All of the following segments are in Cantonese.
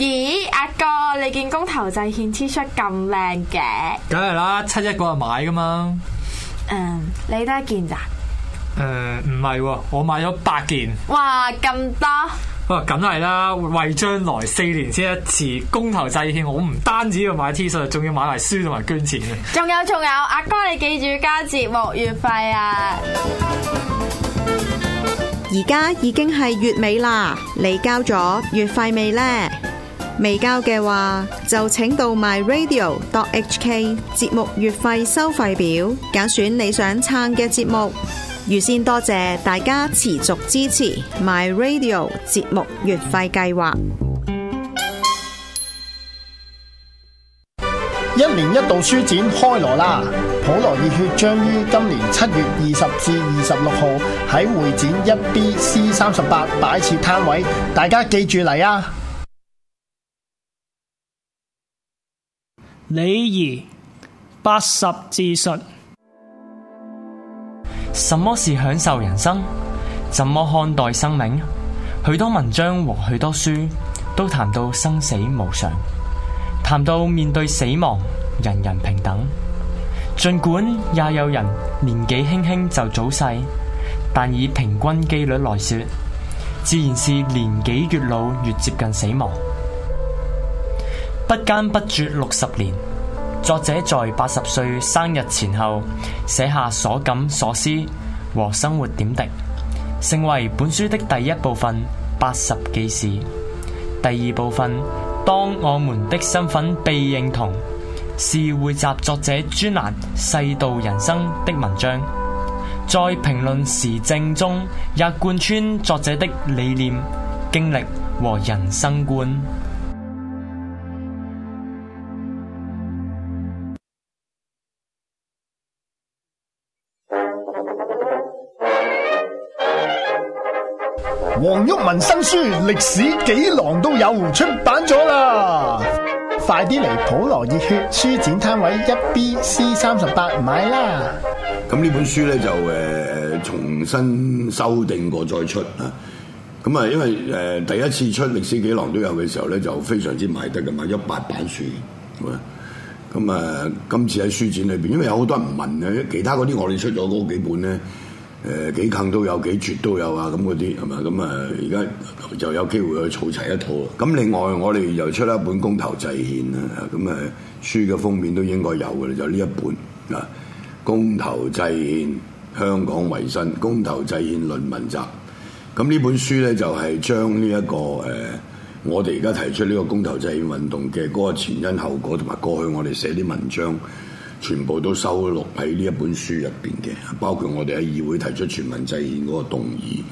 咦，阿、啊、哥，你件公投制憲 T 恤咁靚嘅？梗係啦，七一嗰日買噶嘛。嗯，你得一件咋？誒、呃，唔係，我買咗八件。哇，咁多！哇，梗係啦，為將來四年先一次公投制憲，我唔單止要買 T 恤，仲要買埋書同埋捐錢。仲有仲有，阿哥你記住加節目月費啊！而家已經係月尾啦，你交咗月費未呢？未交嘅話，就請到 myradio.hk 節目月費收費表，揀選你想撐嘅節目。預先多謝，謝大家持續支持 myradio 節目月費計劃。一年一度書展開鑼啦，普羅熱血將於今年七月二十至二十六號喺會展一 BC 三十八擺設攤位，大家記住嚟！啊禮儀八十字術，什麼是享受人生？怎麼看待生命？許多文章和許多書都談到生死無常，談到面對死亡，人人平等。盡管也有人年紀輕輕就早逝，但以平均機率來說，自然是年紀越老越接近死亡。不間不絕六十年，作者在八十歲生日前後寫下所感所思和生活點滴，成為本書的第一部分《八十記事》。第二部分《當我們的身份被認同》，是匯集作者專欄《世道人生》的文章，在評論時政中也貫穿作者的理念、經歷和人生觀。人生書歷史幾浪都有出版咗啦， 快啲嚟普羅熱血書展攤位一 B C 三十八買啦！咁呢本書咧就誒、呃、重新修訂過再出啊！咁、嗯、啊，因為誒、呃、第一次出歷史幾浪都有嘅時候咧，就非常之賣得嘅，賣一百版書。咁、嗯、啊、嗯嗯，今次喺書展裏邊，因為有好多人唔問嘅，其他嗰啲我哋出咗嗰幾本咧。誒、呃、幾近都有幾絕都有啊！咁嗰啲係嘛？咁啊，而家又有機會去儲齊一套咯。咁另外，我哋又出一本《公投制憲》啊！咁啊，書嘅封面都應該有嘅啦，就呢一本啊，《公投制憲》香港維新，《公投制憲論文集》啊。咁呢本書呢，就係、是、將呢、這、一個誒、啊，我哋而家提出呢個公投制憲運動嘅嗰個前因後果，同埋過去我哋寫啲文章。全部都收錄喺呢一本書入邊嘅，包括我哋喺議會提出全民制憲嗰個動議、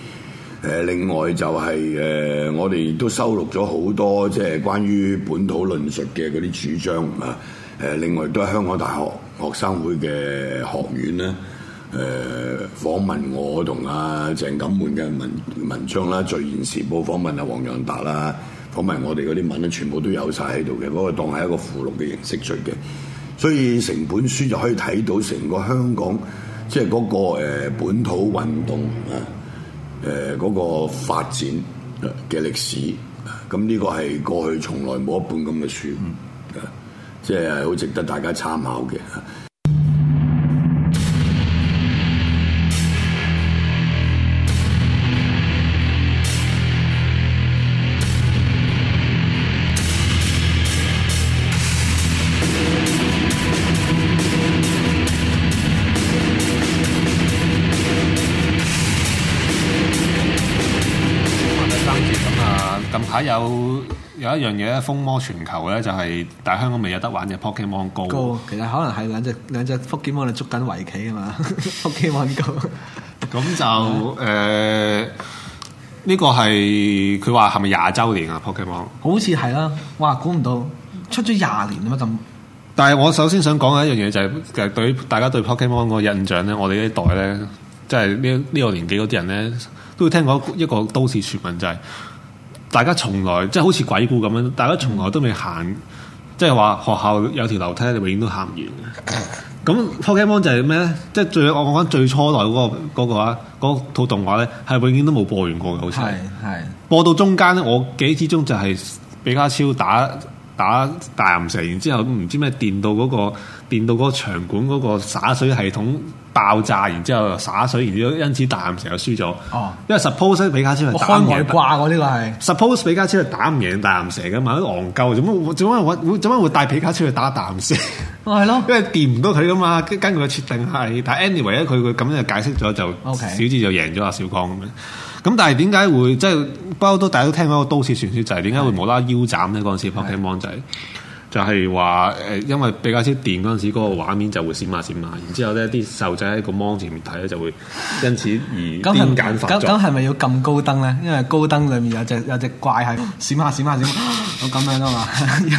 呃。另外就係、是、誒、呃，我哋都收錄咗好多即係關於本土論述嘅嗰啲主張啊。誒、呃，另外都係香港大學學生會嘅學院咧，誒、呃、訪問我同阿、啊、鄭錦滿嘅文文章啦，在《聚言時報》訪問阿、啊、黃洋達啦，訪問我哋嗰啲文咧，全部都有晒喺度嘅，嗰個當係一個附錄嘅形式出嘅。所以成本書就可以睇到成個香港即係嗰個誒、呃、本土運動啊誒、嗰個發展嘅歷史，咁呢個係過去從來冇一本咁嘅書，即係好值得大家參考嘅。有一樣嘢咧，風魔全球咧，就係、是、但係香港未有得玩嘅 Pokemon Go。Go, 其實可能係兩隻兩隻 Pokemon 捉緊圍棋啊嘛 ，Pokemon Go。咁就誒，呢、呃、 個係佢話係咪廿周年啊？Pokemon，好似係啦。哇，估唔到出咗廿年啊嘛咁。但係我首先想講嘅一樣嘢就係、是，其實對於大家對 Pokemon 嗰個印象咧，我哋呢代咧，即係呢呢個年紀嗰啲人咧，都會聽過一個都市傳聞就係、是。大家從來、嗯、即係好似鬼故咁樣，大家從來都未行，即係話學校有條樓梯，你永遠都行唔完嘅。咁、嗯《Pokemon》就係咩咧？即係最我講緊最初代嗰、嗰個嗰啊嗰套動畫咧，係永遠都冇播完過嘅，好似係係播到中間咧，我記憶之中就係比卡超打打大岩石，然之後唔知咩電到嗰、嗰個電到嗰個場館嗰個灑水系統。爆炸，然之後灑水，然之後因此大岩蛇又輸咗。哦，因為 suppose 比卡超係打唔贏。我掛喎，呢個係 suppose 比卡超係打唔贏大岩蛇嘅嘛，都戇鳩。做乜做乜揾做乜會帶比卡超去打大岩蛇？係咯、哦，因為掂唔到佢噶嘛，根據佢嘅設定係。但 anyway 咧，佢佢咁樣就解釋咗就贏小智就贏咗阿小剛咁樣。咁但係點解會即係不嬲都？大家都聽嗰個都市傳說就係點解會冇啦腰斬呢？嗰陣時 Pokemon 仔。就係話誒，因為比較少電嗰陣時，嗰個畫面就會閃下閃下。然之後咧，啲細仔喺個芒前面睇咧，就會因此而顛簡化。咁咁係咪要禁高登咧？因為高登裡面有隻有隻怪係閃下閃下閃，咁樣噶嘛。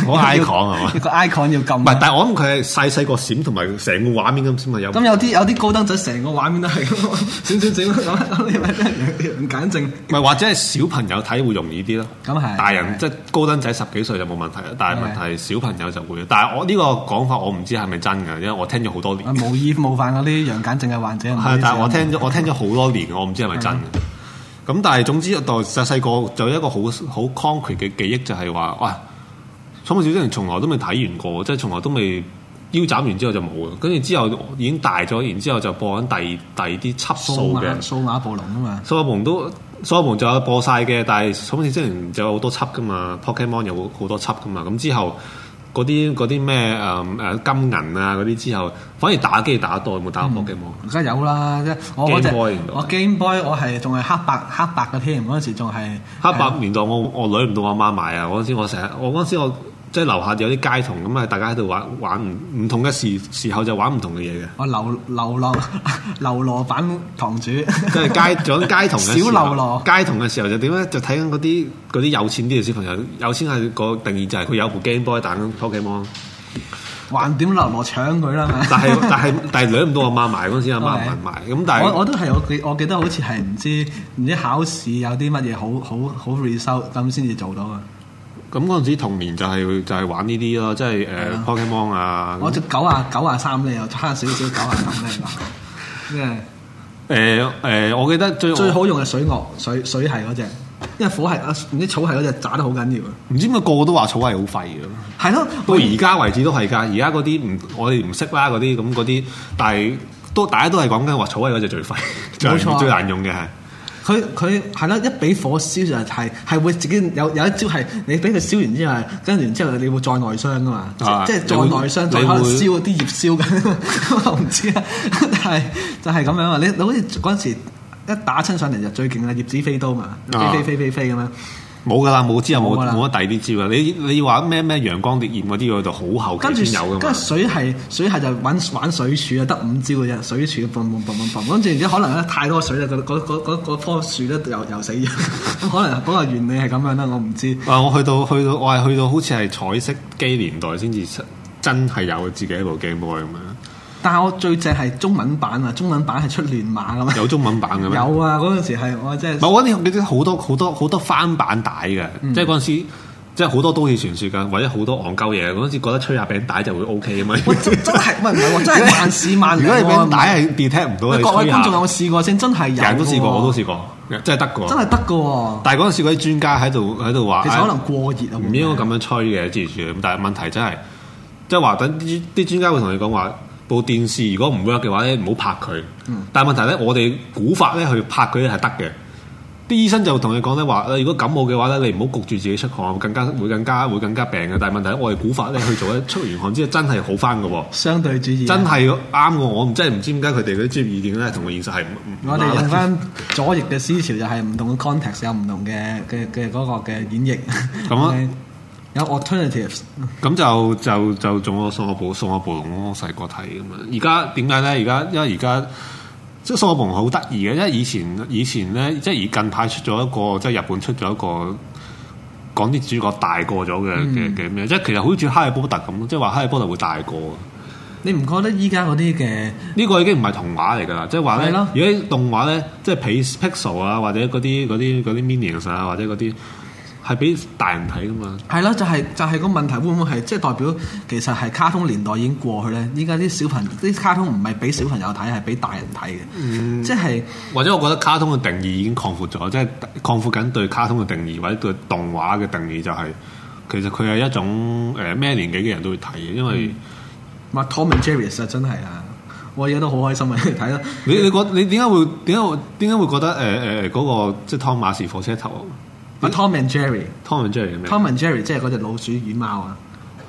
我 icon 係嘛？個 icon 要禁。唔係，但係我諗佢係細細個閃同埋成個畫面咁先係有。咁有啲有啲高登仔成個畫面都係閃閃閃咁，你咪真係唔簡正。唔係，或者係小朋友睇會容易啲咯。咁係。大人即係高登仔十幾歲就冇問題啦，但係問題小。小朋友就會，但係我呢個講法我唔知係咪真嘅，因為我聽咗好多年。冇意冒犯嗰啲羊癲癇嘅患者。係， 但係我聽咗 我聽咗好多年，我唔知係咪真。咁、 嗯、但係總之，一代細細個就有一個好好 concrete 嘅記憶，就是，就係話：哇，《寵物小精靈》從來都未睇完過，即係從來都未腰斬完之後就冇。跟住之後已經大咗，然之後就播緊第第二啲輯數嘅數碼暴龍啊嘛，數碼暴龍都數碼暴龍就有播晒嘅，但係《寵物小精靈》就有好多輯噶嘛，《Pokemon》有好多輯噶嘛，咁之後。嗰啲嗰啲咩誒誒金銀啊嗰啲之後，反而打機打多冇打過機冇，梗係、嗯、有啦！我嗰隻 Game boy 我 game boy 原來我係仲係黑白黑白嘅添，嗰陣時仲係黑白年代，uh，我我女唔到我媽買啊！嗰陣時我成日我嗰陣時我。即係樓下有啲街童咁啊，大家喺度玩玩唔唔同嘅時候時候就玩唔同嘅嘢嘅。我流流落流落版堂主，即 係街做緊街童嘅小流候，羅羅街童嘅時候就點咧？就睇緊嗰啲嗰啲有錢啲嘅小朋友，有錢係個定義就係佢有部 game boy 彈拖機網，還點流落搶佢啦 但係但係但係兩唔到阿媽買嗰陣時，阿媽買。係咁，但係我我都係我記我記得好似係唔知唔知考試有啲乜嘢好好好 research 咁先至做到啊！咁嗰陣時童年就係、是、就係、是、玩呢啲咯，即係誒、啊、Pokemon 啊！我只九啊九啊三咧，又差少少九啊三咧，即係誒我記得最最好用嘅水鵲水水係嗰隻，因為火係啊唔知草係嗰隻，炸得好緊要啊！唔知點解個個都話草係好廢嘅，係咯，到而家為止都係㗎。而家嗰啲唔我哋唔識啦，嗰啲咁嗰啲，但係都大家都係講緊話草係嗰隻最廢，最錯、啊、最難用嘅係。佢佢係咯，一俾火燒就係、係、係會自己有有一招係你俾佢燒完之後，跟完之後你會再內傷噶嘛，的即係再內傷再可能燒啲會葉燒緊， 我唔知啊，但係就係咁樣啊，你好似嗰陣時一打親上嚟就最勁啦，葉子飛刀嘛，飛飛飛飛飛咁樣。冇噶啦，冇知啊，冇冇得第二啲招啊！你你要玩咩咩陽光烈焰嗰啲喎，就好後期先有噶嘛。跟住，跟住水系水系就玩玩水柱啊，得五招嘅啫，水柱嘣嘣嘣嘣，跟住然之可能咧太多水啦，嗰嗰嗰嗰棵樹咧又又死咗。可能嗰個原理係咁樣啦，我唔知。啊！我去到去到，我係去到好似係彩色機年代先至真真係有自己一部 gameboy 咁樣。但係我最正係中文版啊！中文版係出亂碼咁啊！有中文版嘅咩？有啊！嗰陣時係我即係，我你啲好多好多好多翻版帶嘅，即係嗰陣時，即係好多都市傳説，噶，或者好多戇鳩嘢。嗰陣時覺得吹下餅帶就會 O K 咁嘛！真真係真係萬事萬，如果你餅帶係 detect 唔到，各位觀眾，有冇試過先？真係人都試過，我都試過，真係得個，真係得個。但係嗰陣時嗰啲專家喺度喺度話，其實可能過熱啊，唔應該咁樣吹嘅之前。但係問題真係，即係話等啲啲專家會同你講話。部電視如果唔 work 嘅話咧，唔好拍佢。但問題咧，我哋古法咧去拍佢咧係得嘅。啲醫生就同你講咧話，如果感冒嘅話咧，你唔好焗住自己出汗，更加會更加會更加病嘅。但問題，我哋古法咧去做咧出完汗之後真係好翻嘅喎。相對主義、啊、真係啱我，唔真係唔知點解佢哋嗰啲專業意見咧同我現實係唔。我哋用翻左翼嘅思潮就係唔同嘅 context 有唔同嘅嘅嘅嗰個嘅演繹。咁樣啊。 有 alternatives，咁就就就仲有數碼暴龍，數碼暴龍我細個睇咁啊！而家點解咧？而家 因為而家即係《數碼暴龍》好得意嘅，因為以前以前咧，即係而近排出咗一個，即係日本出咗一個講啲主角大個咗嘅嘅嘅咩？即係、嗯、其實好似《哈利波特》咁，即係話《哈利波特》會大個。你唔覺得依家嗰啲嘅呢個已經唔係童話嚟噶啦？即係話咧，如果啲對嘞 動畫咧，即係 pixel 啊，或者嗰啲啲啲 minions 啊，或者嗰啲。係俾大人睇噶嘛？係咯，就係、係、就係、係、個問題會唔會係即係代表其實係卡通年代已經過去咧？依家啲小朋友啲卡通唔係俾小朋友睇，係俾大人睇嘅。即係、嗯就係、或者我覺得卡通嘅定義已經擴闊咗，即、就、係、係、擴闊緊對卡通嘅定義或者對動畫嘅定義、就係，就係其實佢係一種誒咩、呃、年紀嘅人都會睇嘅，因為。Tom and Jerry 真係啊！我而家都好開心啊！睇啦、嗯，你覺你覺你點解會點解點解會覺得誒誒嗰個即係湯馬士火車頭？Tom and Jerry，Tom and Jerry 咩？Tom and Jerry 即係嗰隻老鼠與貓啊！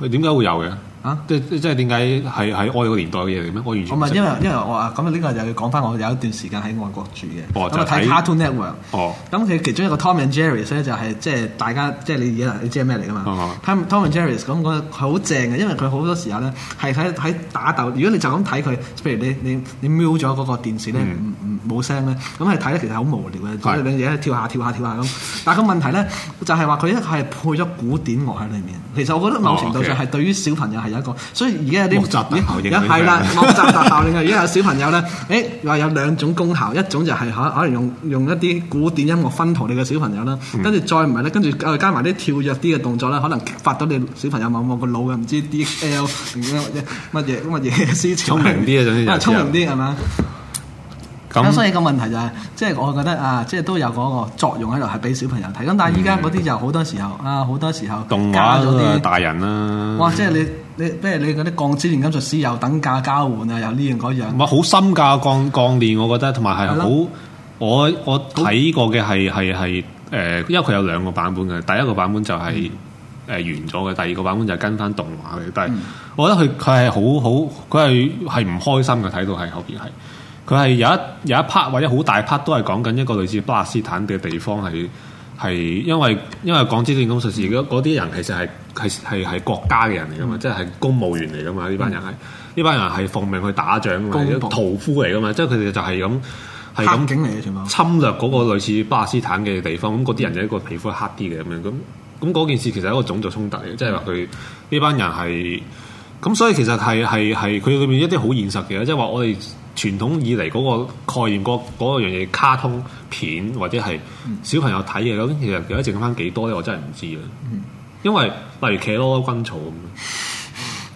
佢點解會有嘅？啊！即即即係點解係係愛國年代嘅嘢嚟咩？我完全唔係因為因為我啊，咁呢個就要講翻我有一段時間喺外國住嘅。咁啊睇 Cartoon Network。哦。咁佢其中一個 Tom and Jerry 咧就係即係大家即係、即係即係、你而家你知係咩嚟噶嘛？Tom and Jerry 咁佢好正嘅，因為佢好多時候咧係喺喺打鬥。如果你就咁睇佢，譬如你你你瞄咗嗰個電視咧，嗯冇聲咧，咁你睇咧，其實好無聊嘅，睇兩嘢跳下跳下跳下咁。但係個問題咧，就係話佢一係配咗古典樂喺裏面，其實我覺得某程度上係對於小朋友係有一個，所以而家有啲莫扎特效應，係啦，莫扎特效應啊！而家 有小朋友咧，誒、哎、話有兩種功效，一種就係可能用用一啲古典音樂熏陶你嘅小朋友啦、嗯，跟住再唔係咧，跟住加埋啲跳躍啲嘅動作啦，可能發到你小朋友某某個腦嘅，唔知啲誒乜嘢乜嘢嘅聰明啲啊！ 聰明啲係嘛？咁所以個問題就係，即係我覺得啊，即係都有嗰個作用喺度，係俾小朋友睇。咁但係依家嗰啲就好多時候啊，好多時候動畫咗啲大人啦。哇！即係你你，即係你嗰啲鋼之煉金術師又等價交換啊，又呢樣嗰樣。哇！好深㗎，鋼鋼煉，我覺得同埋係好。我我睇過嘅係係係誒，因為佢有兩個版本嘅。第一個版本就係誒完咗嘅，第二個版本就跟翻動畫嘅。但係我覺得佢佢係好好，佢係係唔開心嘅睇到係後邊係。佢係有一有一 part 或者好大 part 都係講緊一個類似巴勒斯坦嘅地方，係係因為因為講資電工實事。如果嗰啲人其實係係係係國家嘅人嚟㗎嘛，即係係公務員嚟㗎嘛，呢班人係呢班人係奉命去打仗㗎嘛，屠夫嚟㗎嘛，即係佢哋就係咁係咁侵略嗰個類似巴勒斯坦嘅地方，咁嗰啲人就一個皮膚黑啲嘅咁樣，咁咁件事其實係一個種族衝突嚟，即係話佢呢班人係咁，所以其實係係係佢裏邊一啲好現實嘅，即係話我哋。傳統以嚟嗰個概念，個嗰樣嘢卡通片或者係小朋友睇嘅咁，嗯、其實而家剩翻幾多咧？我真係唔知啦。嗯、因為例如《騎咯軍曹》咁，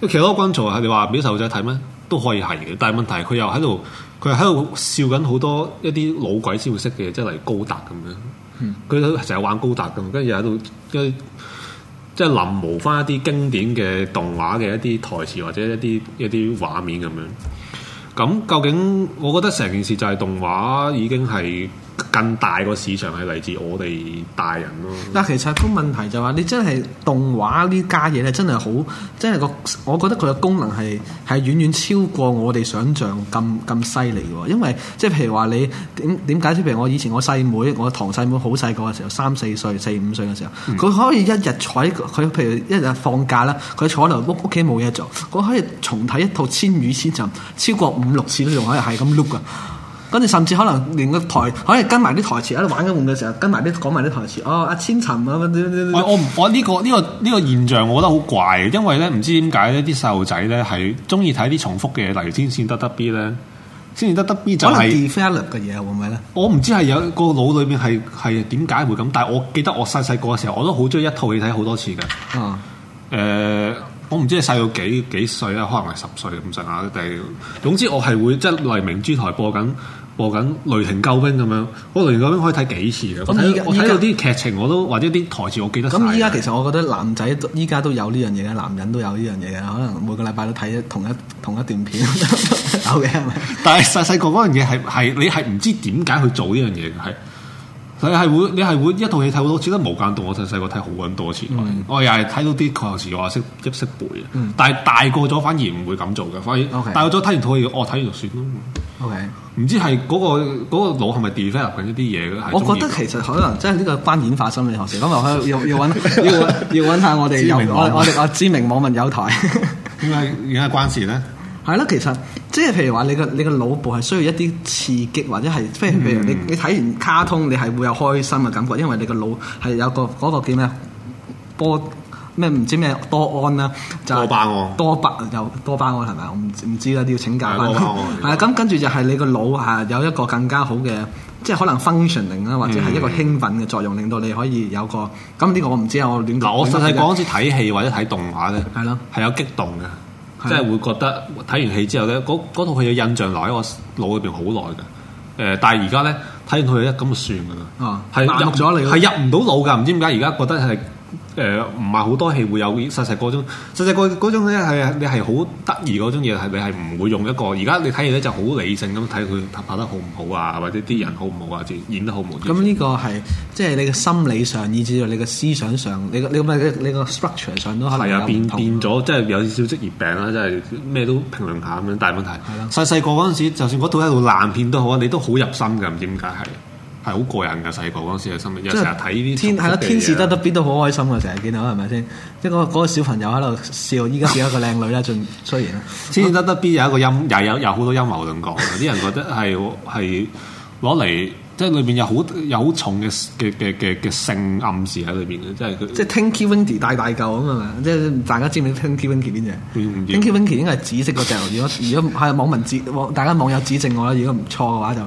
嗯、《騎咯軍曹》係你話俾啲細路仔睇咩都可以係嘅，但係問題佢又喺度，佢喺度笑緊好多一啲老鬼先會識嘅，即係例如高達咁樣。佢成日玩高達嘅，跟住喺度即係臨摹翻一啲經典嘅動畫嘅一啲台詞或者一啲一啲畫面咁樣。咁究竟，我覺得成件事就係動畫已經係。更大個市場係嚟自我哋大人咯、啊。但其實個問題就話，你真係動畫呢家嘢咧，真係好，真係個，我覺得佢嘅功能係係遠遠超過我哋想像咁咁犀利嘅。因為即係譬如話你點點解？即係譬如我以前我細妹，妹，我堂細妹好細個嘅時候，三四歲、四五歲嘅時候，佢、嗯、可以一日坐喺佢譬如一日放假啦，佢坐喺屋屋企冇嘢做，佢可以重睇一套千與千尋超過五六次都仲可以係咁 look 噶。跟住甚至可能連個台，可以跟埋啲台詞喺度玩緊玩嘅時候，跟埋啲講埋啲台詞。哦，阿千尋啊，乜乜乜乜乜，我我呢個呢個呢個現象，我覺得好怪，因為咧唔知點解咧啲細路仔咧係中意睇啲重複嘅嘢。例如《天線得得 B》咧，《天線得得 B》就係 develop 嘅嘢，會唔會咧？我唔知係有個腦裏面係係點解會咁，但係我記得我細細個嘅時候，我都好中意一套戲睇好多次嘅。嗯，呃我唔知你細到幾幾歲啦，可能係十歲咁上下。但係總之我係會即係嚟明珠台播緊播緊《雷霆救兵》咁樣，我睇《雷霆救兵》可以睇幾次嘅。咁、嗯、我睇到啲劇情我都或者啲台詞我記得。咁依家其實我覺得男仔依家都有呢樣嘢嘅，男人都有呢樣嘢嘅，可能每個禮拜都睇同一同一段片，有嘅係咪？但係細細個嗰樣嘢係係你係唔知點解去做呢樣嘢嘅。你係會，你係會一套戲睇好多次。記得無間道，我細細個睇好揾多次。嗯、我又係睇到啲確有時我識一識背啊。嗯、但係大個咗反而唔會咁做嘅。反而大個咗睇完套戲，我、哦、睇完就算咯。唔 Okay. 知係嗰、嗰個嗰、嗰個腦係咪 develop 緊一啲嘢嘅？我覺得其實可能真係呢個翻演化心理學先。咁啊，要要揾要要揾下我哋我哋我知名網民友台。點解點解關事咧？係囉，其實即係譬如話，你個你個腦部係需要一啲刺激，或者係譬，譬如你你睇完卡通，你係會有開心嘅感覺，因為你腦個腦係有個嗰個叫咩波，咩唔知咩多胺啦，就、多巴胺、啊，多巴又多巴胺係咪我唔唔知啦，要請教翻。係咁跟住就係你個腦係有一個更加好嘅，即係可能 functioning 啦，或者係一個興奮嘅作用，令到你可以有個咁呢、嗯、個我唔知啊，我亂講。我實係講好似睇戲或者睇動畫嘅，係咯了，係有激動嘅。即係會覺得睇完戲之後呢，嗰套戲嘅印象留喺我腦裏邊好耐㗎。誒、呃，但係而家呢，睇完套戲咧咁就算㗎喇。係、啊、入咗嚟，係入唔到腦㗎。唔知點解而家覺得係。誒唔係好多戲會有細細嗰種細細嗰嗰種咧，係你係好得意嗰種嘢，係你係唔會用一個。而家你睇完咧，就好理性咁睇佢拍得好唔好啊，或者啲人好唔好啊，仲演得好唔好？咁呢、嗯、咁樣個係即係你嘅心理上，以至你嘅思想上，你個你咁你個 structure 上都係啊變變咗，即係有少少職業病啦，即係咩都評論下咁樣大問題。係啦，細細個嗰陣時，就算嗰套喺度爛片都好啊，你都好入心㗎，唔知點解係。係好過癮㗎，細個嗰陣時嘅心情，又成日睇呢啲天，睇到天，天使得得 B 都好開心㗎，成日見到係咪先？即係嗰嗰個小朋友喺度笑，依家變一個靚女啦，仲 雖然天使得得 B 有一個陰，又有有好多陰謀論講，啲人覺得係係攞嚟。 即係裡邊有好有好重嘅嘅嘅嘅嘅性暗示喺裡邊嘅，即係即係 Tinky Winky 大大舊咁啊嘛！即係大家知唔知 Tinky Winky 邊隻？Tinky Winky 應該係紫色嗰隻，如果如果係網民指，大家網友指正我啦，如果唔錯嘅話就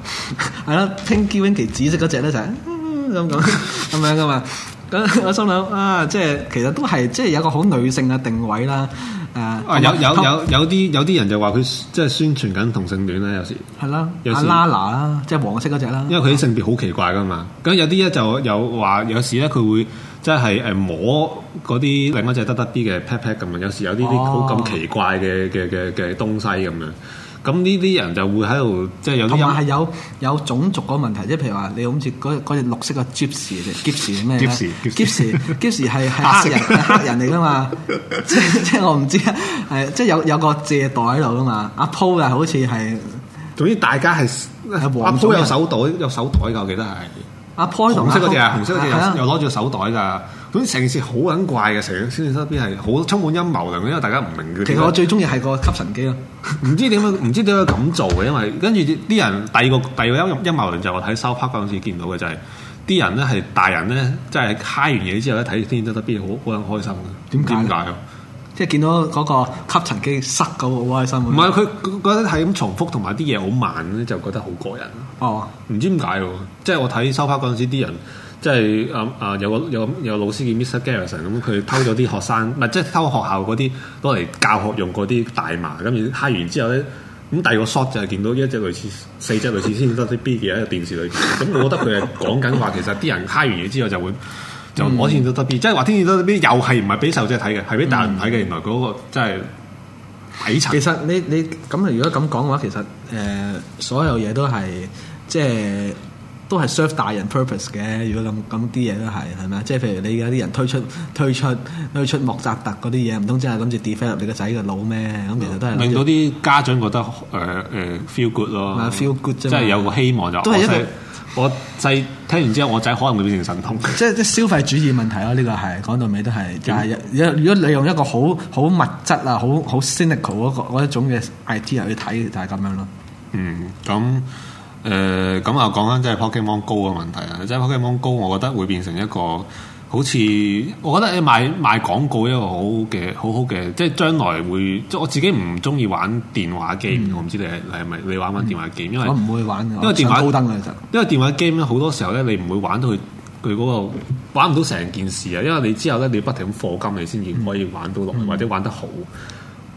係 啦，Tinky Winky 紫色嗰隻咧就係咁咁咁樣噶嘛。咁我心諗啊，即係其實都係即係有一個好女性嘅定位啦。啊！有有有有啲有啲人就話佢即係宣傳緊同性戀啦，有時係啦，阿拉娜啦，即係黃色嗰隻啦。因為佢啲性別好奇怪噶嘛，咁有啲咧就有話，有時咧佢會即係誒摸嗰啲另一隻得得啲嘅 pat pat 咁樣，有時有啲啲好咁奇怪嘅嘅嘅嘅東西咁樣。咁呢啲人就會喺度，即係有啲，同埋係有有種族個問題，即係譬如話，你好似嗰嗰隻綠色嘅 Dipsy 嚟，Dipsy 咩 Dipsy，Dipsy，Dipsy 係係黑人黑,色，黑人嚟噶嘛？即即係我唔知，係即係有有個借袋喺度噶嘛？阿 Paul 啊，好似係，總之大家係係黃。阿 Paul 有手袋，有手袋噶，我記得係。阿 Paul 紅色嗰隻啊，紅色嗰隻又攞住手袋㗎。咁成件事好撚怪嘅，成《天線得得 B》係好充滿陰謀論，因為大家唔明佢。其實我最中意係個吸塵機咯，唔 知點解唔知點解咁做嘅，因為跟住啲人第二個第二個陰陰謀論就係我睇 South Park 嗰陣時見到嘅，就係、是、啲人咧係大人咧，即係 high 完嘢之後咧睇《天線得得 B》好好撚開心嘅。點解？即係見到嗰個吸塵機塞嗰好開心。唔係佢覺得係咁重複，同埋啲嘢好慢咧，就覺得好過癮。哦，唔知點解喎？即、就、係、是、我睇 South Park 嗰陣時，啲人。即係誒誒有個有有老師叫 Mr Garrison 咁佢偷咗啲學生，唔係，即係偷學校嗰啲攞嚟教學用嗰啲大麻，咁然嗨完之後咧，咁第二個 shot 就係見到一隻類似四隻類似天線收啲 B 嘅喺個電視裏邊咁，我覺得佢係講緊話其實啲人嗨完嘢之後就會就我先見到得 B，即係話天線都啲 B 又係唔係俾手眾睇嘅係俾大人睇嘅，原來嗰個即係底層。其實你你咁如果咁講嘅話，其實誒所有嘢都係即係。都係 serve 大人 purpose 嘅，如果咁咁啲嘢都係，係咪即係譬如你有啲人推出推出推出莫扎特嗰啲嘢，唔通真係諗住 develop 你個仔嘅腦咩？咁其實都係令到啲家長覺得誒誒、呃呃、feel good 咯、啊，feel good 即係有個希望就。都係因為我細聽完之後，我仔可能會變成神童即係即係消費主義問題咯、啊，呢、這個係講到尾都係。就係、是嗯、如果你用一個好好物質啊，好好 cynical 嗰一種嘅 idea 去睇，就係、是、咁樣咯。嗯，咁。誒咁啊，呃嗯嗯嗯嗯、講緊即係 Pokemon Go 嘅問題啊！即係 Pokemon Go，我覺得會變成一個好似，我覺得你賣賣廣告一個好嘅好好嘅，即係將來會。即係我自己唔中意玩電話 game，、嗯、我唔知你係係咪你玩唔玩電話 game？因為我唔會玩，因為電話高登其實因為電話 game 咧好多時候咧，你唔會玩到佢佢嗰個玩唔到成件事啊！因為你之後咧，你不停咁課金你先至可以玩到落去、嗯，或者玩得好。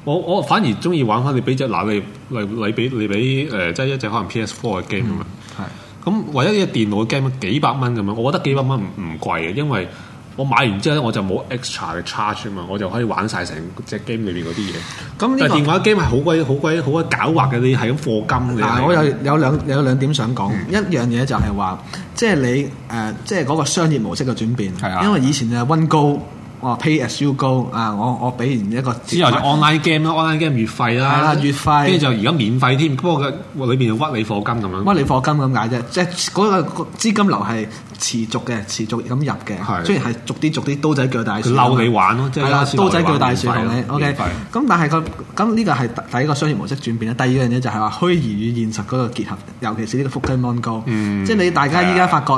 我我反而中意玩翻你俾隻嗱你嚟你俾你俾誒、呃、即係一隻可能 PS Four 嘅 game 咁樣，係咁、嗯、唯一一隻電腦 game 幾百蚊咁樣，我覺得幾百蚊唔唔貴嘅，因為我買完之後咧我就冇 extra 嘅 charge 啊嘛，我就可以玩晒成隻 game 裏面嗰啲嘢。咁呢、呢個電話 game 係好鬼好鬼好鬼狡猾嘅，你係咁課金嘅、啊。我有有兩有兩點想講，嗯、一樣嘢就係話，即係你誒、呃、即係嗰個商業模式嘅轉變，的因為以前就溫高。我、oh, pay as you go 啊、uh！我我俾完一個之後就 online game 咯，online game 月費啦，yeah, 月費，跟住就而家免費添。不過佢裏邊屈你課金咁樣，屈你課金咁解啫。即係嗰個資金流係持續嘅，持續咁入嘅。的雖然係逐啲逐啲刀仔鋸大樹的，嬲你玩咯，即係刀仔鋸大樹同費你 OK 費。咁但係佢，咁呢個係第一個商業模式轉變啦。第二樣嘢就係話虛擬與現實嗰個結合，尤其是呢個 Pokemon Go、嗯、即係你大家依家發覺。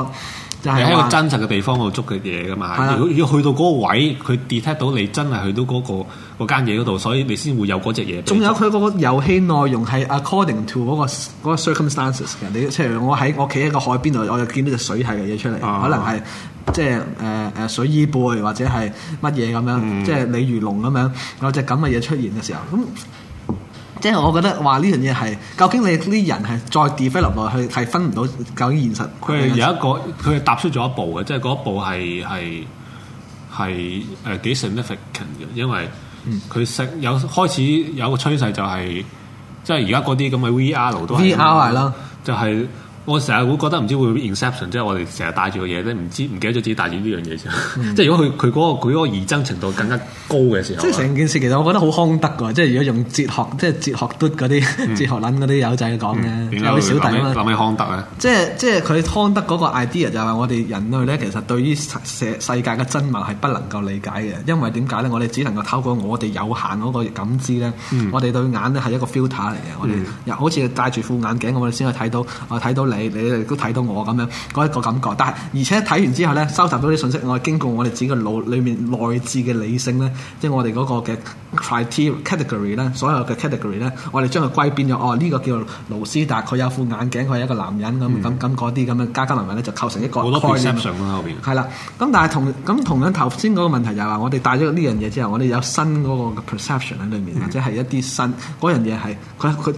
就係喺一個真實嘅地方度捉嘅嘢㗎嘛，的如果要去到嗰個位，佢 detect 到你真係去到嗰、嗰個間嘢嗰度，所以你先會有嗰隻嘢。仲有佢嗰個遊戲內容係 according to 嗰個 circumstances，嘅你即係我喺我企喺個海邊度，我又見到隻水系嘅嘢出嚟，uh huh. 可能係即係誒誒水衣貝或者係乜嘢咁樣，嗯、即係鯉魚龍咁樣有隻咁嘅嘢出現嘅時候咁。嗯即係我覺得話呢樣嘢係，究竟你啲人係再 develop 落去係分唔到究竟現實。佢係有一個，佢係踏出咗一步嘅，即係嗰一步係係係誒幾 significant 嘅，因為佢識有開始有個趨勢就係、係，即係而家嗰啲咁嘅 VR 都係啦，VR 就係、係。我成日會覺得唔知會唔會 inception，即係我哋成日帶住嘅嘢咧，唔知唔記得咗自己帶住呢樣嘢先。嗯、即係如果佢佢嗰個佢嗰個擬真程度更加高嘅時候，嗯、即係成件事其實我覺得好康德嘅，即係如果用哲學，即係哲學嘟嗰啲哲學諗嗰啲友仔講嘅，嗯、小弟啊諗起，諗起康德咧，即係即係佢康德嗰個 idea 就係話我哋人類咧，其實對於世，世界嘅真貌係不能夠理解嘅，因為點解咧？我哋只能夠透過我哋有限嗰個感知咧，嗯、我哋對眼咧係一個 filter 嚟嘅，嗯、我哋又好似戴住副眼鏡，我哋先可以睇到我睇到。你你哋都睇到我咁樣嗰一個感覺，但係而且睇完之後咧，收集到啲信息，我哋經過我哋自己嘅腦裏面內置嘅理性咧，即係我哋嗰個嘅 criteria category 咧，所有嘅 category 咧，我哋將佢歸變咗哦，呢、呢個叫盧斯達，佢有副眼鏡，佢係一個男人咁咁咁嗰啲咁樣加加埋埋咧，就構成一個。好多 perception 啦後邊。係啦，咁但係同咁同樣頭先嗰個問題就係話，我哋帶咗呢樣嘢之後，我哋有新嗰個 perception 喺裏面，嗯、或者係一啲新嗰樣嘢係佢佢。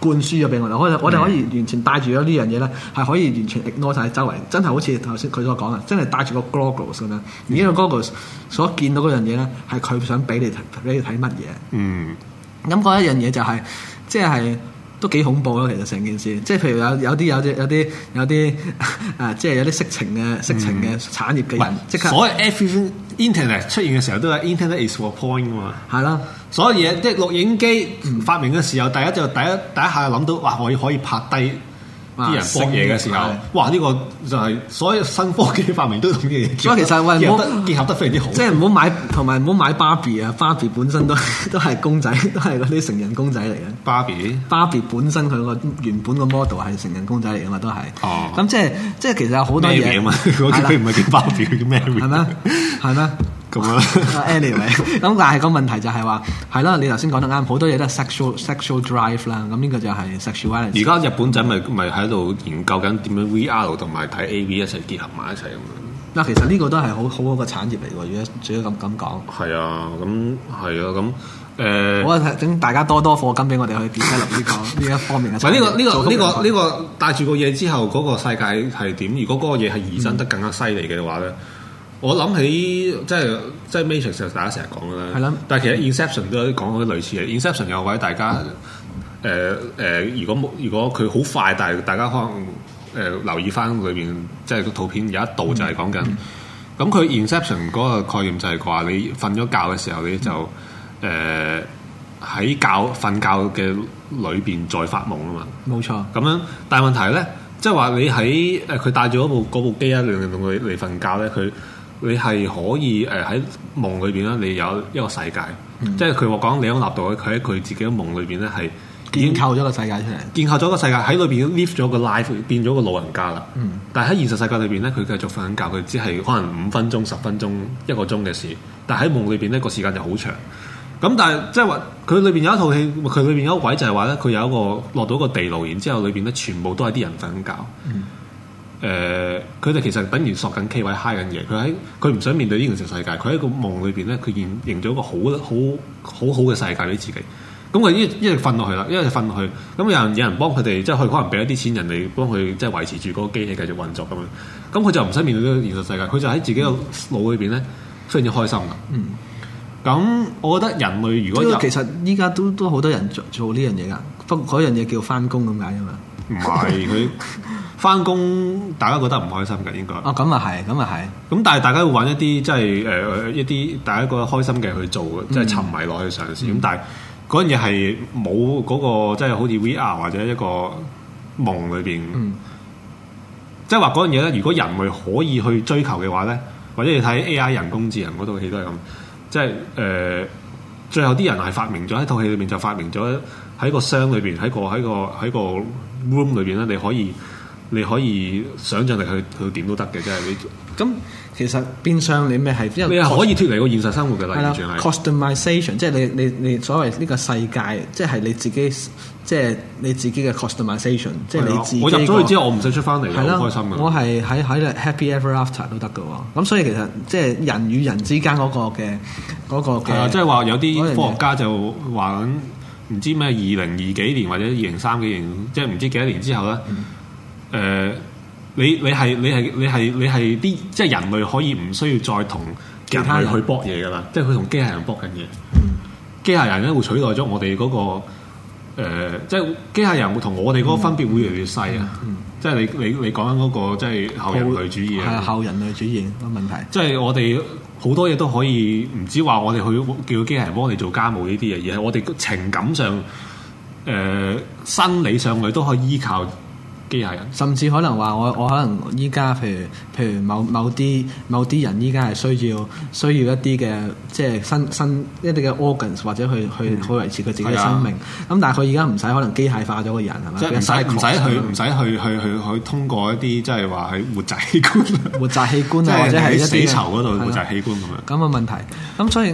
灌輸咗俾我哋，我哋我哋可以完全帶住咗呢樣嘢咧，係可以完全 ignore 晒周圍，真係好似頭先佢所講啊，真係帶住個 goggles 咁樣，而呢個 goggles 所見到嗰樣嘢咧，係佢想俾你俾你睇乜嘢。嗯，咁嗰一樣嘢就係，即係。都幾恐怖咯，其實成件事，即係譬如有有啲有啲有啲有啲啊，即係有啲色情嘅色情嘅產業嘅人，嗯，即刻。所謂 everything internet 出現嘅時候，都係 internet is for porn 㗎嘛。係囉，所有嘢，即係錄影機唔發明嘅時候，第一就第一第一下就諗到，哇我哋可以拍低。啲人食嘢嘅時候，命哇！呢、這個就係、是、所有新科技發明都用啲嘢，其實我覺得結合得非常之好。即係唔好買，同埋唔好買芭比啊！芭比本身都都係公仔，都係嗰啲成人公仔嚟嘅。芭比芭比本身佢個原本個 model 係成人公仔嚟噶嘛，都係。哦、啊。咁即係即係，其實有好多嘢啊嘛。嗰 個唔係叫芭比啦，叫咩？係咩？ 係咩？咁啊，啊，anyway，咁 但係個問題就係話，係咯，你頭先講得啱，好多嘢都係 sexual sexual drive 啦，咁呢個就係 sexual violence。而家日本仔咪咪喺度研究緊點樣 VR 同埋睇 AV 一齊結合埋一齊咁樣。嗱，其實呢個都係好，好好好個產業嚟㗎，如果主要咁咁講。係啊，咁係啊，咁誒，我請大家多多課金俾我哋去點解諗呢個呢 一方面嘅。呢、這個呢、這個呢、這個呢、這個帶住個嘢之後，嗰、那個世界係點？如果嗰個嘢係延伸得更加犀利嘅話咧？嗯我諗起即係即係 Matrix，就大家成日講㗎啦。係啦的，但係其實 Inception 都有講過啲類似嘅。Inception 又或大家誒誒、呃呃，如果冇如果佢好快，但係大家可能誒、呃、留意翻裏面，即係個圖片有一度就係講緊。咁佢、嗯嗯、Inception 嗰個概念就係、是、話你瞓咗覺嘅時候，你就誒喺、嗯呃、教瞓覺嘅裏邊再發夢啊嘛。冇錯。咁樣，但係問題咧，即係話你喺誒佢帶住部部機啊，嚟佢嚟瞓覺咧，佢。你係可以誒喺夢裏邊啦，你有一個世界，即係佢話講李安納度佢喺佢自己嘅夢裏邊咧係建構咗個，個世界，建構咗個世界喺裏邊 live 咗個 life，變咗個老人家啦。嗯、但係喺現實世界裏邊咧，佢繼續瞓緊覺，佢只係可能五分鐘、十分鐘、一個鐘嘅事。但係喺夢裏邊呢個時間就好長。咁但係即係話佢裏邊有一套戲，佢裏邊有一個鬼就係話咧，佢有一個落到個地牢，然之後裏邊咧全部都係啲人瞓緊覺。嗯誒，佢哋、呃、其實等於索緊 K 位，嗨緊嘢。佢喺佢唔想面對呢個,個,個對現實世界，佢喺個夢裏邊咧，佢營造咗一個好好好好嘅世界俾自己。咁佢一一直瞓落去啦，一直瞓落去。咁有人有人幫佢哋，即係佢可能俾一啲錢人哋幫佢，即係維持住嗰個機器繼續運作咁樣。咁佢就唔使面對呢個現實世界，佢就喺自己個腦裏邊咧，非常之開心噶。咁、嗯嗯、我覺得人類如果其實依家都都好多人做呢樣嘢噶，不過嗰樣嘢叫翻工咁解噶嘛。唔係佢。 翻工，大家覺得唔開心嘅應該哦，咁啊係，咁啊係。咁但係大家會揾一啲即係誒一啲大家覺得開心嘅去做即係、嗯、沉迷落去嘗試。咁、嗯、但係嗰樣嘢係冇嗰個即係、就是、好似 V R 或者一個夢裏邊，即係話嗰樣嘢咧。如果人類可以去追求嘅話咧，或者你睇 A I 人工智能嗰套戲都係咁，即係誒最後啲人係發明咗喺套戲裏邊就發明咗喺個箱裏邊喺個喺個喺個 room 裏邊咧，你可以。你可以想像力去去點都得嘅，即係你。咁、嗯、其實變相你咩係？你可以脫離個現實生活嘅理想的 customisation，即係你你你所謂呢個世界，即係你自己，即係你自己嘅 customisation，即係的你自己。我入咗去之後，我唔使出翻嚟，好的開心嘅。我係喺喺 happy ever after 都得嘅喎。咁所以其實即係人與人之間嗰個嘅嗰、嗰個，即係話有啲科學家就話緊唔知咩二零二幾年或者二零三幾年，即係唔知幾多年之後咧。嗯誒、uh,，你你係你係你係你係啲即係人類可以唔需要再同其他去搏嘢噶啦，即係佢同機械人搏緊嘢。嗯，機械人咧會取代咗我哋嗰個誒，即係機械人會同我哋嗰個分別會越嚟越細啊。即係你你你講緊嗰個即係後人類主義啊，後人類主義個問題。即係我哋好多嘢都可以唔止話，我哋去叫機械人幫我哋做家務呢啲嘢，而係我哋情感上誒、呃、生理上佢都可以依靠。機械人，甚至可能話我我可能依家，譬如譬如某某啲某啲人依家係需要需要一啲嘅即係新新一啲嘅 organs 或者去去去維持佢自己嘅生命。咁、嗯、但係佢而家唔使可能機械化咗個人係咪？嗯、吧即係唔使去唔使、嗯、去去去去通過一啲即係話喺活摘器官、活摘器官啊， 官 或者喺死囚嗰度活摘器官咁樣。咁個問題，咁所以，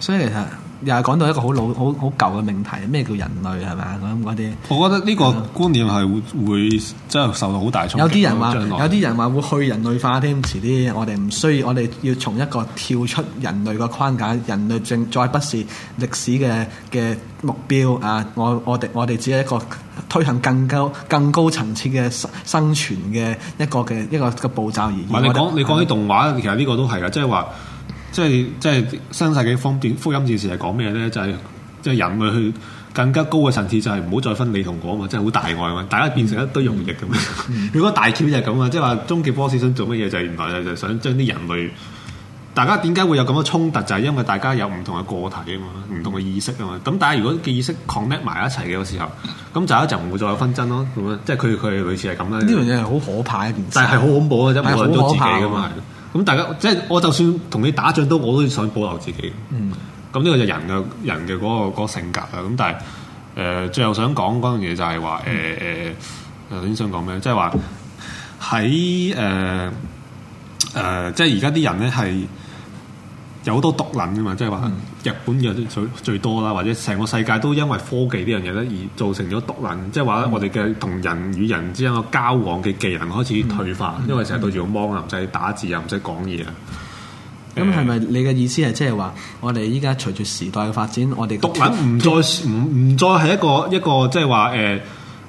所以，所以所以其實。又係講到一個好老好好舊嘅命題，咩叫人類係咪？咁啲，我覺得呢個觀念係會、嗯、會即係受到好大衝擊。有啲人話，來有啲人話會去人類化添。遲啲我哋唔需要，我哋要從一個跳出人類嘅框架，人類正再不是歷史嘅嘅目標啊！我我哋我哋只係一個推向更高更高層次嘅生存嘅一個嘅一個嘅步驟而我。唔係你講說、嗯、你講起動畫，其實呢個都係啊，即係話。即係即係新世紀方電福音戰士係講咩咧？就係、是、即係人類去更加高嘅層次，就係唔好再分你同我啊嘛！即係好大愛啊嘛！大家變成一堆溶液咁啊！嗯、 如果大橋就係咁啊！即係話終極波士 s 想做乜嘢？就係、是、原來就係想將啲人類大家點解會有咁嘅衝突？就係、是、因為大家有唔同嘅個體啊嘛，唔同嘅意識啊嘛。咁大家如果嘅意識 connect 埋一齊嘅時候，咁大家就唔會再有紛爭咯。咁啊，即係佢佢類似係咁啦。呢樣嘢係好可怕一件事，但係好恐怖嘅。即係冇害到自己噶嘛。咁大家即係、就是、我就算同你打仗都我都想保留自己。嗯。咁呢個就人嘅人嘅嗰、那個那個性格啦。咁但係誒、呃、最後想講嗰樣嘢就係話誒誒頭先想講咩？即係話喺誒誒即係而家啲人咧係有好多毒撚嘅嘛。即係話。嗯日本嘅最最多啦，或者成個世界都因為科技呢樣嘢咧而造成咗毒男，即係話我哋嘅同人與人之間嘅交往嘅技能開始退化，嗯嗯、因為成日對住個 mon 啊，唔使、嗯、打字又唔使講嘢啦。咁係咪你嘅意思係即係話我哋依家隨住時代嘅發展，我哋毒男唔再唔唔再係一個一個即係話誒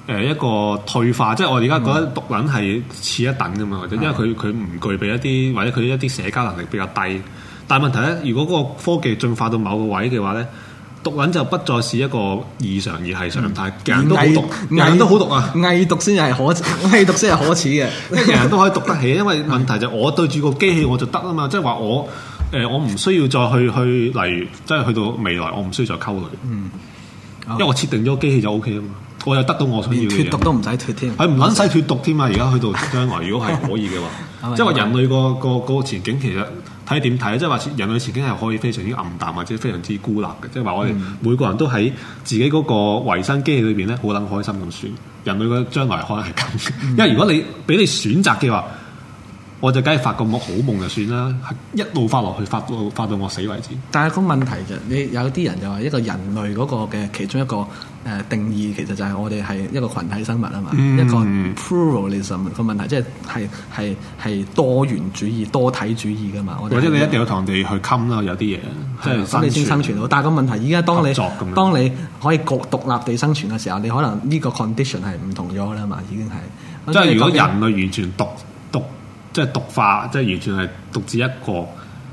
誒一個退化，即、就、係、是、我哋而家覺得毒男係次一等噶嘛、嗯嗯，或者因為佢佢唔具備一啲或者佢一啲社交能力比較低。但係問題咧，如果嗰個科技進化到某個位嘅話咧，毒撚就不再是一個異常而係常態，嗯、人都好毒，毅人都好毒啊，偽毒先係可恥，偽毒先係可恥嘅，人人都可以毒得起，因為問題就是我對住個機器我就得啊嘛，即係話我誒我唔需要再去去例如，即係去到未來我唔需要再溝女，嗯，因為我設定咗個機器就 O K 啊嘛，我又得到我想要嘅嘢，毒都唔使脫添，佢唔撚使脫毒添嘛？而家是去到將來，如果係可以嘅話，即係話人類個個、嗰個前景其實，睇點睇，即係話人類前景係可以非常之暗淡或者非常之孤立嘅，即係話我哋每個人都喺自己嗰個維生機器裏邊咧，好撚開心咁算。人類嘅將來可能係咁，因為如果你俾你選擇嘅話。我就梗係發個我好夢就算啦，一路發落去，發到發到我死為止。但係個問題就，你有啲人就話，一個人類嗰個嘅其中一個誒定義，其實就係我哋係一個群體生物啊嘛，嗯、一個 pluralism 個問題，即係係係係多元主義、個體主義噶嘛。或者你一定要同地去冚咯，有啲嘢即係生，先生存咯。但係個問題，依家當你當你可以獨立地生存嘅時候，你可能呢個 condition 係唔同咗啦嘛，已經係。即係如果人類完全獨即係獨化，即係完全係獨自一個，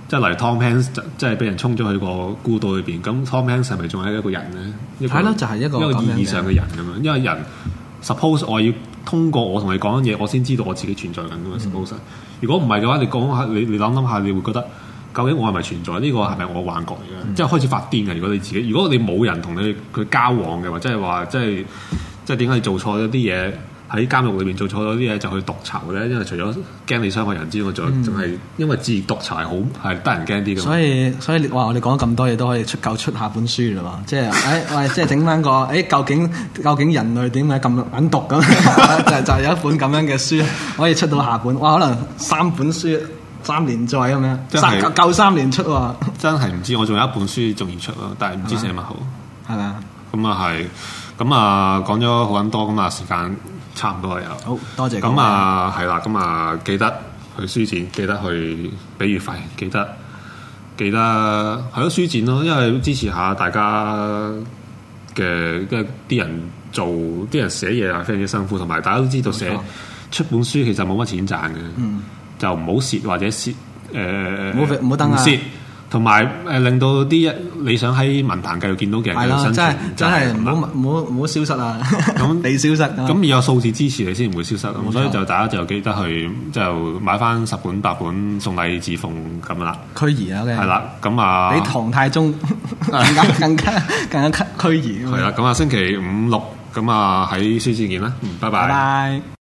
即係例如 Tom Hanks，即係俾人沖咗去個孤島裏邊。咁 Tom Hanks 係咪仲係一個人咧？梗係啦，就係、是、一,一個意義上嘅人咁樣。 因為人 suppose 我要通過我同你講嘢，我先知道我自己存在緊㗎嘛。suppose、嗯、如果唔係嘅話，你講下，你你諗諗下，你會覺得究竟我係咪存在？呢、這個係咪我幻覺嚟嘅？嗯、即係開始發癲嘅。如果你自己，如果你冇人同你佢交往嘅，或即係話即係即係點解你做錯咗啲嘢？喺監獄裏邊做錯咗啲嘢就去毒囚咧，因為除咗驚你傷害人之外，仲仲係因為自己毒囚係好係得人驚啲咁。所以所以話我哋講咗咁多嘢都可以出夠出下本書啦嘛，即係誒，喂，即係整翻個誒，究竟究竟人類點解咁狠毒咁？ 就就有一本咁樣嘅書可以出到下本，哇！可能三本書三年再咁樣，夠夠的三年出喎、啊。真係唔知，我仲有一本書仲要出咯，但係唔知寫乜好。係咪吧，咁、就是、啊係，咁啊講咗好咁多時間，咁啊時間。差唔多，多啊！有好多謝咁啊，係啦，咁啊，記得去書展，記得去俾月費，記得記得係，咯書展咯，因為支持下大家嘅即係啲人做，啲人寫嘢啊非常之辛苦，同埋大家都知道寫冇錯出本書其實冇乜錢賺嘅，嗯，就唔好蝕或者蝕誒，唔好蝕唔好登啊蝕。同埋誒令到啲一你想喺文壇繼續見到嘅人真係真係唔好唔好唔好消失啊！咁你消失，咁要有數字支持你先唔會消失。咁所以就大家就記得去就買翻十本八本送禮自奉咁樣啦。驅邪啊！係啦，咁啊，比唐太宗更加更加更加驅邪。係啦，咁啊，星期五六咁啊，喺書展見啦。嗯，拜拜。